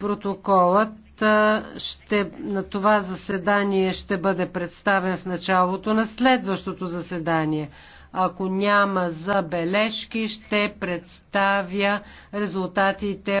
Протоколът ще, на това заседание ще бъде представен в началото на следващото заседание. Ако няма забележки, ще представя резултатите